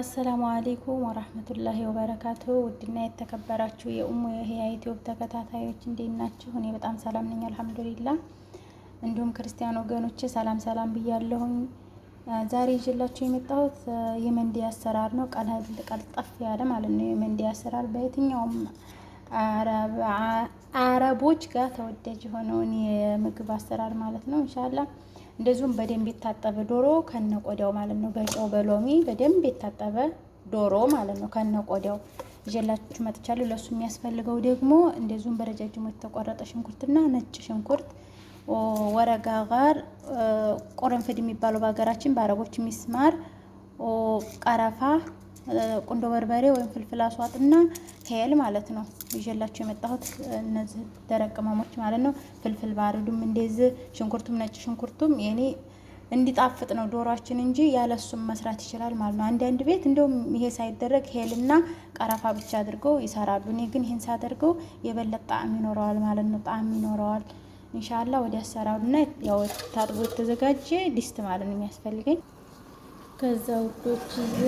አሰላሙ አሌይኩም ወራህመቱላሂ ወበረካቱ። ውድና የተከበራችሁ የኡሙ የህያ ዩቲዩብ ተከታታዮች እንዴት ናችሁ? እኔ በጣም ሰላም ነኝ አልሐምዱሊላ። እንዲሁም ክርስቲያን ወገኖች ሰላም ሰላም ብያለሁኝ። ዛሬ ይዤላችሁ የመጣሁት የመንዲ አሰራር ነው። ቀለል ቀልጠፍ ያለ ማለት ነው። የመንዲ አሰራር በየትኛውም አረብ አረቦች ጋር ተወዳጅ የሆነውን የምግብ አሰራር ማለት ነው። እንሻላ እንደዚሁም በደንብ የታጠበ ዶሮ ከነቆዳው ማለት ነው። በጨው በሎሚ በደንብ የታጠበ ዶሮ ማለት ነው ቆዳው ይዤላችሁ መጥቻለሁ። ለእሱ የሚያስፈልገው ደግሞ እንደዚሁም በረጃጅሙ የተቆረጠ ሽንኩርትና ነጭ ሽንኩርት ወረጋ ጋር ቆረንፍድ የሚባለው በሀገራችን በአረቦች ሚስማር ቀረፋ ቁንዶ በርበሬ ወይም ፍልፍል አስዋጥና ከየል ማለት ነው ይዤላቸው የመጣሁት እነዚህ ደረቅ ቅመሞች ማለት ነው። ፍልፍል ባርዱም እንደዚህ ሽንኩርቱም ነጭ ሽንኩርቱም የኔ እንዲጣፍጥ ነው ዶሯችን እንጂ ያለሱም መስራት ይችላል ማለት ነው። አንዳንድ ቤት እንደውም ይሄ ሳይደረግ ሄልና ቀረፋ ብቻ አድርገው ይሰራሉ። እኔ ግን ይህን ሳደርገው የበለጠ ጣዕም ይኖረዋል ማለት ነው። ጣዕም ይኖረዋል። እንሻላ ወደ አሰራሩና ያው ታጥቦ የተዘጋጀ ዲስት ማለት ነው የሚያስፈልገኝ ከዛ ውዶች ጊዜ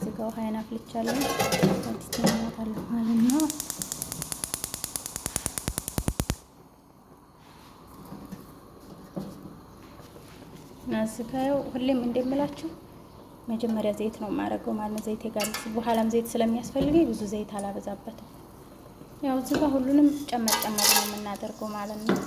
ስጋው ሀይን አፍልቻለሁ አዲስ ማለት ነው። ስጋው ሁሌም እንደምላችሁ መጀመሪያ ዘይት ነው የማደርገው ማለት ነው። ዘይት የጋር በኋላም ዘይት ስለሚያስፈልገኝ ብዙ ዘይት አላበዛበትም። ያው እዚህ ሁሉንም ጨመር ጨመር ነው የምናደርገው ማለት ነው።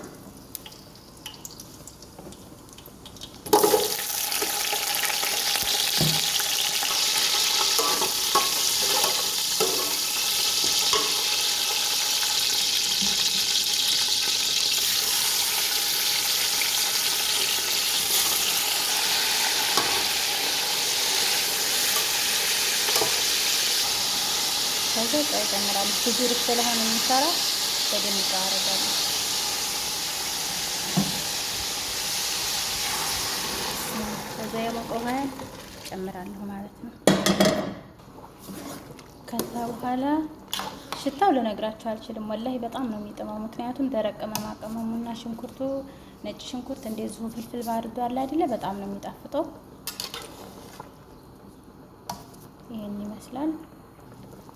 ከዛ ጨው እጨምራለሁ። ብዙ ሩብ ስለሆነ የሚሰራ በደንብ ጨው ከዛ የሞቀ ውሃ እጨምራለሁ ማለት ነው። ከዛ በኋላ ሽታው ልነግራችሁ አልችልም። ወላሂ በጣም ነው የሚጥመው። ምክንያቱም ደረቅ ቅመማ ቅመሙና ሽንኩርቱ ነጭ ሽንኩርት እንደዚሁ ፍልፍል ባርዶ አለ አይደለ? በጣም ነው የሚጣፍጠው። ይህን ይመስላል።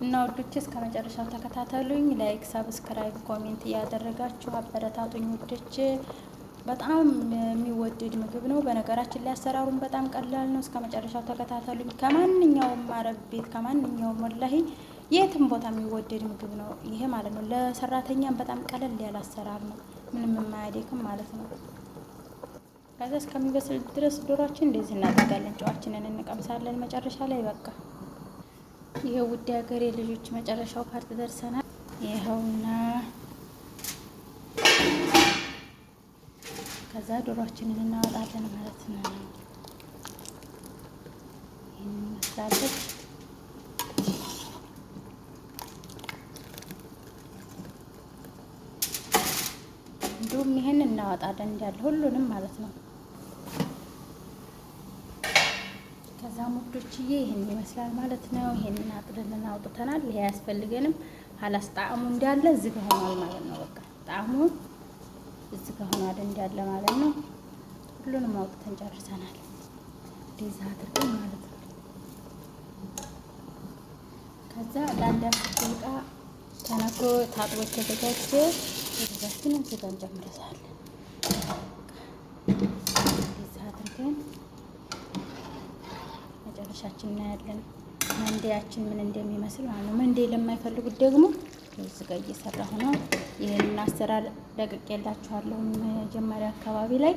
እና ውዶች እስከ መጨረሻው ተከታተሉኝ። ላይክ፣ ሰብስክራይብ፣ ኮሜንት እያደረጋችሁ አበረታቱኝ ውዶች። በጣም የሚወደድ ምግብ ነው። በነገራችን ላይ አሰራሩን በጣም ቀላል ነው። እስከ መጨረሻው ተከታተሉኝ። ከማንኛውም አረብ ቤት ከማንኛውም ወላሂ የትም ቦታ የሚወደድ ምግብ ነው ይሄ ማለት ነው። ለሰራተኛም በጣም ቀለል ያለ አሰራር ነው። ምንም የማያደክም ማለት ነው። ከዛ እስከሚበስል ድረስ ዶሯችን እንደዚህ እናደርጋለን። ጨዋችንን እንቀምሳለን። መጨረሻ ላይ በቃ ይሄ ውድ ሀገር የልጆች መጨረሻው ፓርት ደርሰናል። ይኸውና ከዛ ዶሯችንን እናወጣለን ማለት ነው። ይህን እንዲሁም ይህን እናወጣለን እንዳለ ሁሉንም ማለት ነው። ከዛም ውዶችዬ ይህን ይመስላል ማለት ነው። ይህንን አጥልልን አውጥተናል። ይሄ አያስፈልገንም። ሀላስ ጣዕሙ እንዳለ እዚህ ጋር ሆኗል ማለት ነው። በቃ ጣዕሙ እዚህ ጋር ሆኗል እንዳለ ማለት ነው። ሁሉንም አውጥተን ጨርሰናል። ዲዛ አድርገን ማለት ነው። ከዛ ለአንድ አስር ደቂቃ ተነክሮ ታጥቦ ተዘጋጀ። እዛችንን ስጋ እንጨምረሳለን። አድርገን መጨረሻችን እናያለን። መንዴያችን ምን እንደሚመስል ማለት ነው። መንዴ ለማይፈልጉት ደግሞ እዚህ ጋር እየሰራሁ ነው። ይህንን አሰራር ለቅቄላችኋለሁ። መጀመሪያ አካባቢ ላይ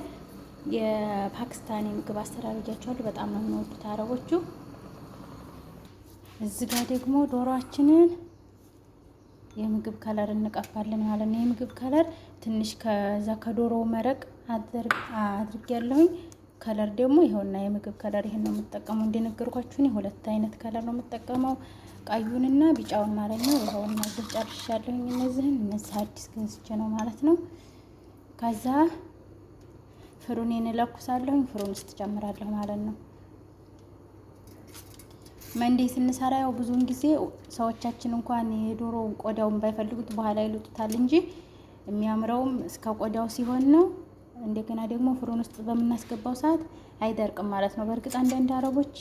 የፓኪስታን የምግብ አሰራር እያችኋለሁ። በጣም ነው የሚወዱት አረቦቹ። እዚህ ጋር ደግሞ ዶሯችንን የምግብ ከለር እንቀፋለን ማለት ነው። የምግብ ከለር ትንሽ ከዛ ከዶሮ መረቅ ያለሁኝ ከለር ደግሞ ይኸውና የምግብ ከለር ይሄን ነው የምጠቀመው። እንደነገርኳችሁን የሁለት አይነት ከለር ነው የምጠቀመው፣ ቀዩንና ቢጫውን ማለት ነው። ይኸውና እዚህ ጨርሻለሁኝ። እነዚህን እነዚህ አዲስ ገዝቼ ነው ማለት ነው። ከዛ ፍሩን እንለኩሳለሁኝ። ፍሩን ውስጥ ጨምራለሁ ማለት ነው። መንዴ ስንሰራ ያው ብዙውን ጊዜ ሰዎቻችን እንኳን የዶሮ ቆዳውን ባይፈልጉት በኋላ ይሉጡታል እንጂ የሚያምረውም እስከ ቆዳው ሲሆን ነው። እንደገና ደግሞ ፍሩን ውስጥ በምናስገባው ሰዓት አይደርቅም ማለት ነው። በእርግጥ አንዳንድ አረቦች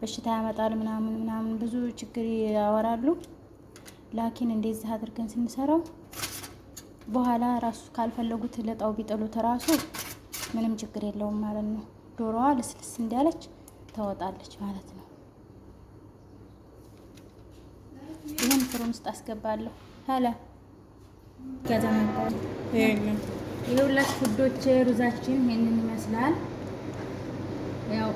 በሽታ ያመጣል ምናምን ምናምን ብዙ ችግር ያወራሉ። ላኪን እንደዚህ አድርገን ስንሰራው በኋላ ራሱ ካልፈለጉት ለጣው ቢጥሉት ራሱ ምንም ችግር የለውም ማለት ነው። ዶሮዋ ልስልስ እንዳለች ተወጣለች ማለት ነው። ይህን ፍሩን ውስጥ አስገባለሁ። ነበር የሁለት ውዶች ሩዛችን ይሄንን ይመስላል። ያው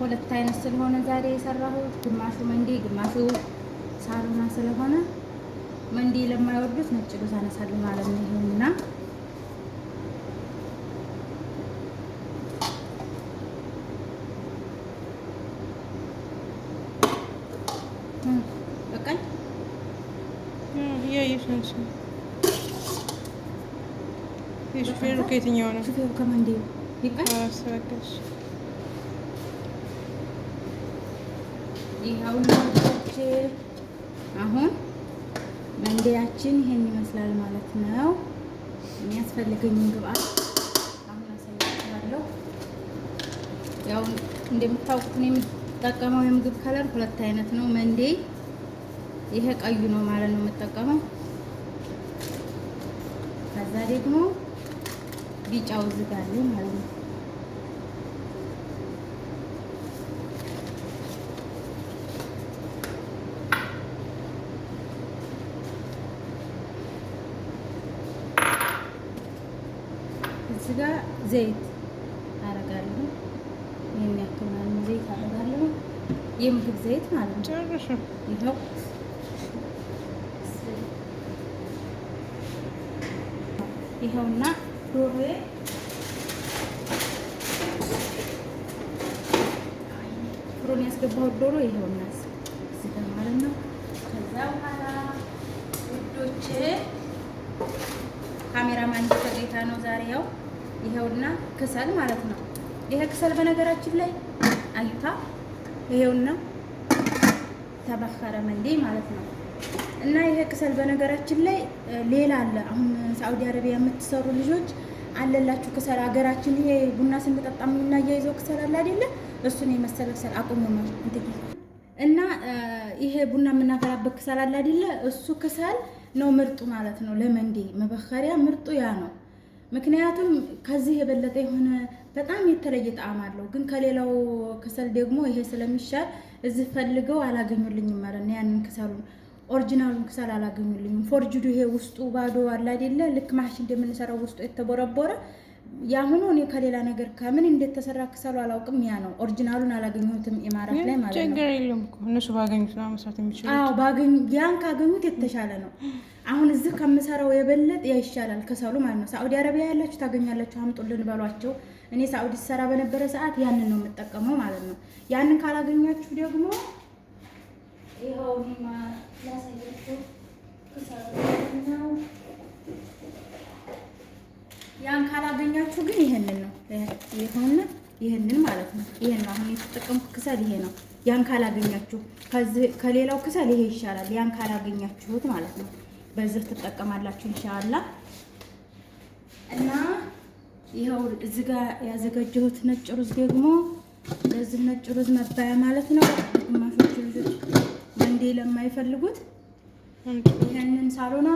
ሁለት አይነት ስለሆነ ዛሬ የሰራሁት ግማሹ መንዴ ግማሹ ሳሩና ስለሆነ መንዴ ለማይወዱት ነጭ ሩዝ አነሳለሁ ማለት ነው። ይሄንና በቃኝ የሹፌሩ ከየትኛው ነው? ሹፌሩ ከማንዴ አስረዳሽ። ይኸውልሽ አሁን መንዴያችን ይሄን ይመስላል ማለት ነው። የሚያስፈልገኝን ግብአት አሁን አሳያችኋለሁ። ያው እንደምታውቁት ነው የምጠቀመው የምግብ ከለር ሁለት አይነት ነው። መንዴ ይሄ ቀዩ ነው ማለት ነው የምጠቀመው ከዛ ደግሞ ቢጫው አለ ማለት ነው። እዚህ ጋር ዘይት አደርጋለሁ። ይሄን ያክል ዘይት አደርጋለሁ የምግብ ዘይት ማለት ነው። ይኸው ይኸውና সিদ্ধ হয়ে ያስገባሁት ዶሮ ይሄው እናስ ስጋ ማለት ነው። ከዛ በኋላ ውዶቼ ካሜራማን ተገኝታ ነው ዛሬ ያው ይሄውና ክሰል ማለት ነው። ይሄ ክሰል በነገራችን ላይ አዩታ ይሄውና ተበኸረ መንዴ ማለት ነው። እና ይሄ ክሰል በነገራችን ላይ ሌላ አለ። አሁን ሳዑዲ አረቢያ የምትሰሩ ልጆች አለላችሁ ክሰል። ሀገራችን ይሄ ቡና ስንጠጣ የምናያይዘው ክሰል አለ አይደለ? እሱን የመሰለ ክሰል አቁመማል እንትጌ እና ይሄ ቡና የምናፈላበት ክሰል አለ አይደለ? እሱ ክሰል ነው ምርጡ ማለት ነው። ለመንዴ መበከሪያ ምርጡ ያ ነው። ምክንያቱም ከዚህ የበለጠ የሆነ በጣም የተለየ ጣዕም አለው። ግን ከሌላው ክሰል ደግሞ ይሄ ስለሚሻል እዚህ ፈልገው አላገኙልኝም ማለት ነው ያንን ክሰሉን ኦሪጂናሉን ክሰል አላገኙልኝም። ፎርጅዱ ይሄ ውስጡ ባዶ አለ አይደለ? ልክ ማሽ እንደምንሰራው ውስጡ የተቦረቦረ የአሁኑ እኔ ከሌላ ነገር ከምን እንደተሰራ ክሰሉ አላውቅም። ያ ነው ኦሪጂናሉን አላገኙትም። ኢማራት ላይ ማለት ነው። ችግር የለም እነሱ ባገኙት ነው መስራት የሚችሉት። አዎ ባገኙ ያን ካገኙት የተሻለ ነው። አሁን እዚህ ከምሰራው የበለጥ ያ ይሻላል ክሰሉ ማለት ነው። ሳዑዲ አረቢያ ያላችሁ ታገኛላችሁ፣ አምጡልን በሏቸው። እኔ ሳዑዲ ሰራ በነበረ ሰዓት ያንን ነው የምጠቀመው ማለት ነው። ያንን ካላገኛችሁ ደግሞ ይኸው ያሳያችሁት ተሳሰብና ያን ካላገኛችሁ ግን ይሄንን ነው ይሄውን ይሄንን ማለት ነው። ይሄን አሁን የተጠቀምኩ ክሰል ይሄ ነው። ያን ካላገኛችሁ ከሌላው ክሰል ይሄ ይሻላል። ያን ካላገኛችሁት ማለት ነው በዚህ ትጠቀማላችሁ ኢንሻአላህ። እና ይኸው እዚህ ጋር ያዘጋጀሁት ነጭ ሩዝ ደግሞ ለዚህ ነጭ ሩዝ መባያ ማለት ነው እንግዲህ ለማይፈልጉት ያንን ሳሎና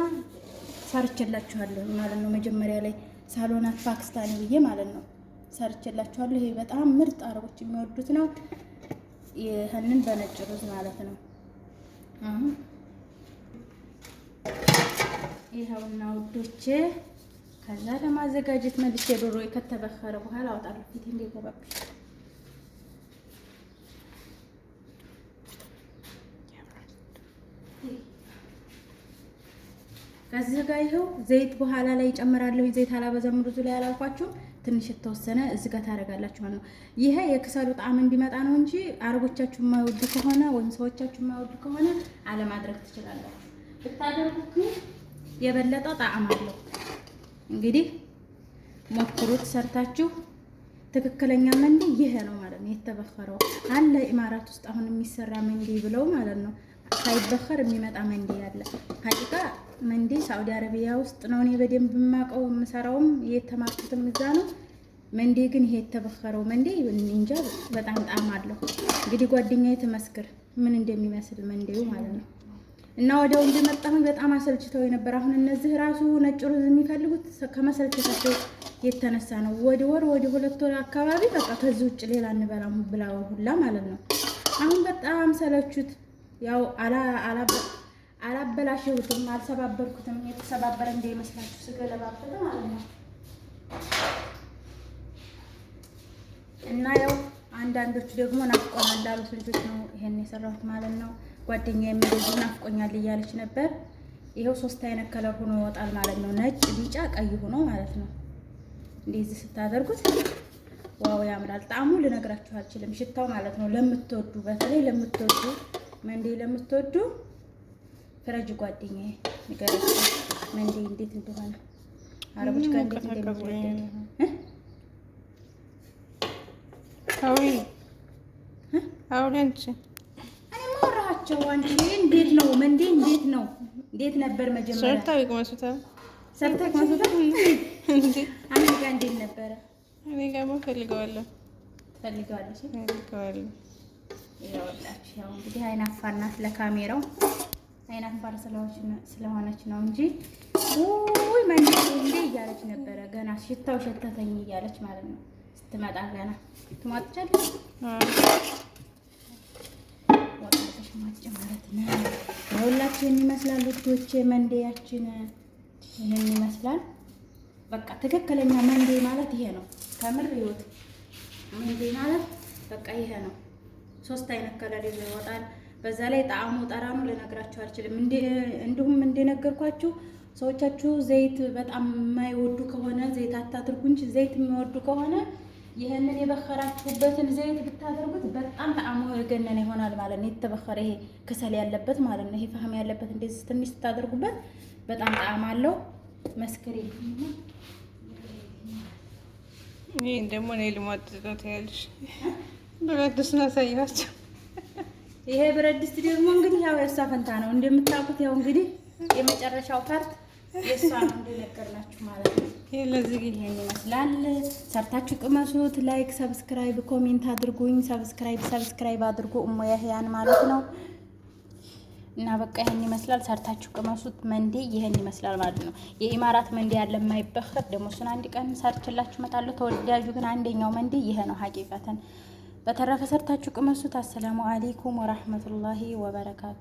ሰርቼላችኋለሁ ማለት ነው። መጀመሪያ ላይ ሳሎና ፓኪስታኒ ብዬ ማለት ነው ሰርቼላችኋለሁ። ይሄ በጣም ምርጥ አረቦች የሚወዱት ነው። ይህንን በነጭ ሩዝ ማለት ነው። ይኸውና ውዶቼ፣ ከዛ ለማዘጋጀት መልሼ ዶሮ ከተበከረ በኋላ አውጣለሁ ፊት እንዲገባብኝ ከዚህ ጋር ይኸው ዘይት በኋላ ላይ ይጨምራለሁ። ዘይት አላበዛም። ብዙ ላይ አላልኳችሁም። ትንሽ የተወሰነ እዚህ ጋር ታደርጋላችሁ ነው። ይሄ የክሰሉ ጣዕም እንዲመጣ ነው እንጂ አረቦቻችሁ የማይወዱ ከሆነ ወይም ሰዎቻችሁ የማይወዱ ከሆነ አለማድረግ ትችላላችሁ። ብታደርጉት የበለጠ ጣዕም አለው። እንግዲህ ሞክሩት ሰርታችሁ። ትክክለኛ መንዲ ይሄ ነው ማለት ነው። የተበኸረው አለ ኢማራት ውስጥ አሁን የሚሰራ መንዲ ብለው ማለት ነው። ሳይበኸር የሚመጣ መንዲ ያለ ሀቂቃ እንዴ ሳውዲ አረቢያ ውስጥ ነው እኔ በደንብ የማውቀው የምሰራውም የተማርኩትም እዛ ነው። መንዴ ግን ይሄ የተበከረው መንዴ እንጃ በጣም ጣም አለው። እንግዲህ ጓደኛዬ ትመስክር ምን እንደሚመስል መንዴው ማለት ነው። እና ወደው እንደመጣሁ በጣም አሰልችተው የነበር። አሁን እነዚህ ራሱ ነጭ ሩዝ የሚፈልጉት ከመሰልቸታቸው የተነሳ ነው። ወደ ወር ወደ ሁለት ወር አካባቢ በቃ ከዚህ ውጭ ሌላ እንበላም ብላ ሁላ ማለት ነው። አሁን በጣም ሰለቹት ያው አላ አላ አላበላሸሁትም፣ አልሰባበርኩትም። የተሰባበረ እንዳይመስላችሁ ስገለባበጠ ማለት ነው። እና ያው አንዳንዶቹ ደግሞ ናፍቆናል ላሉት ልጆች ነው ይሄን የሰራሁት ማለት ነው። ጓደኛ የሚገዙ ናፍቆኛል እያለች ነበር። ይኸው ሶስት አይነት ከለር ሆኖ ይወጣል ማለት ነው። ነጭ፣ ቢጫ፣ ቀይ ሆኖ ማለት ነው። እንደዚህ ስታደርጉት ዋው ያምራል። ጣዕሙ ልነግራችሁ አልችልም፣ ሽታው ማለት ነው። ለምትወዱ በተለይ ለምትወዱ መንዴ ለምትወዱ ፍረጅ ጓደኛ ነገር መንዴ እንዴት እንደሆነ አረቦች ጋር እንዴት እንደሚወደድ አውሪ አውሪ እኔ ማወራቸው አንቺ እንዴት ነው መንዴ እንዴት ነው እንዴት ነበር መጀመሪያ ሰርታው ይቅመሱታል ሰርታው ይቅመሱታል እንዴ አንቺ ጋር እንዴት ነበረ እኔ ጋር ፈልገዋለሁ ፈልገዋለሁ ፈልገዋለሁ ያው እንግዲህ አይናፋናት ለካሜራው አይናት ባል ስለሆነች ነው እንጂ ውይ ማን እንዴ እያለች ነበረ። ገና ሽታው ሸተተኝ እያለች ማለት ነው። ስትመጣ ገና ትሟጥጫለሽ ወጣሽ ማጭ ማለት ነው። ሁላችን ይመስላል ልጆቼ፣ መንዴያችን ይሄን ይመስላል። በቃ ትክክለኛ መንዴ ማለት ይሄ ነው። ከምር ይወት መንዴ ማለት በቃ ይሄ ነው። ሶስት አይነት ከለር ይወጣል። በዛ ላይ ጣዕሙ ጠራኑ ልነግራችሁ አልችልም። እንዲሁም እንደነገርኳችሁ ሰዎቻችሁ ዘይት በጣም የማይወዱ ከሆነ ዘይት አታድርጉ እንጂ ዘይት የሚወዱ ከሆነ ይህንን የበኸራችሁበትን ዘይት ብታደርጉት በጣም ጣዕሙ የገነነ ይሆናል ማለት ነው። የተበኸረ ይሄ ክሰል ያለበት ማለት ነው። ይሄ ፋህም ያለበት እንደዚህ ትንሽ ስታደርጉበት በጣም ጣዕም አለው። መስክሬ ይህ ደግሞ እኔ ልሟጥጠው ትያለሽ ብረት ድስት ነው ይሄ ብረት ድስት ደግሞ እንግዲህ ያው የእሷ ፈንታ ነው እንደምታውቁት፣ ያው እንግዲህ የመጨረሻው ፓርት የእሷ ነው እንደነገርናችሁ ማለት ነው። ይሄ ለዚህ ይሄን ይመስላል። ሰርታችሁ ቅመሱት። ላይክ፣ ሰብስክራይብ፣ ኮሜንት አድርጉኝ። ሰብስክራይብ ሰብስክራይብ አድርጉ እሞ ያህያን ማለት ነው። እና በቃ ይሄን ይመስላል። ሰርታችሁ ቅመሱት። መንዴ ይሄን ይመስላል ማለት ነው። የኢማራት መንዴ ያለ የማይበከር ደግሞ እሱን አንድ ቀን ሰርችላችሁ እመጣለሁ። ተወዳጁ ግን አንደኛው መንዴ ይሄ ነው ሀቂቃተን በተረፈ ሰርታችሁ ቅመሱት። አሰላሙ አሌይኩም ወራህመቱላሂ ወበረካቱ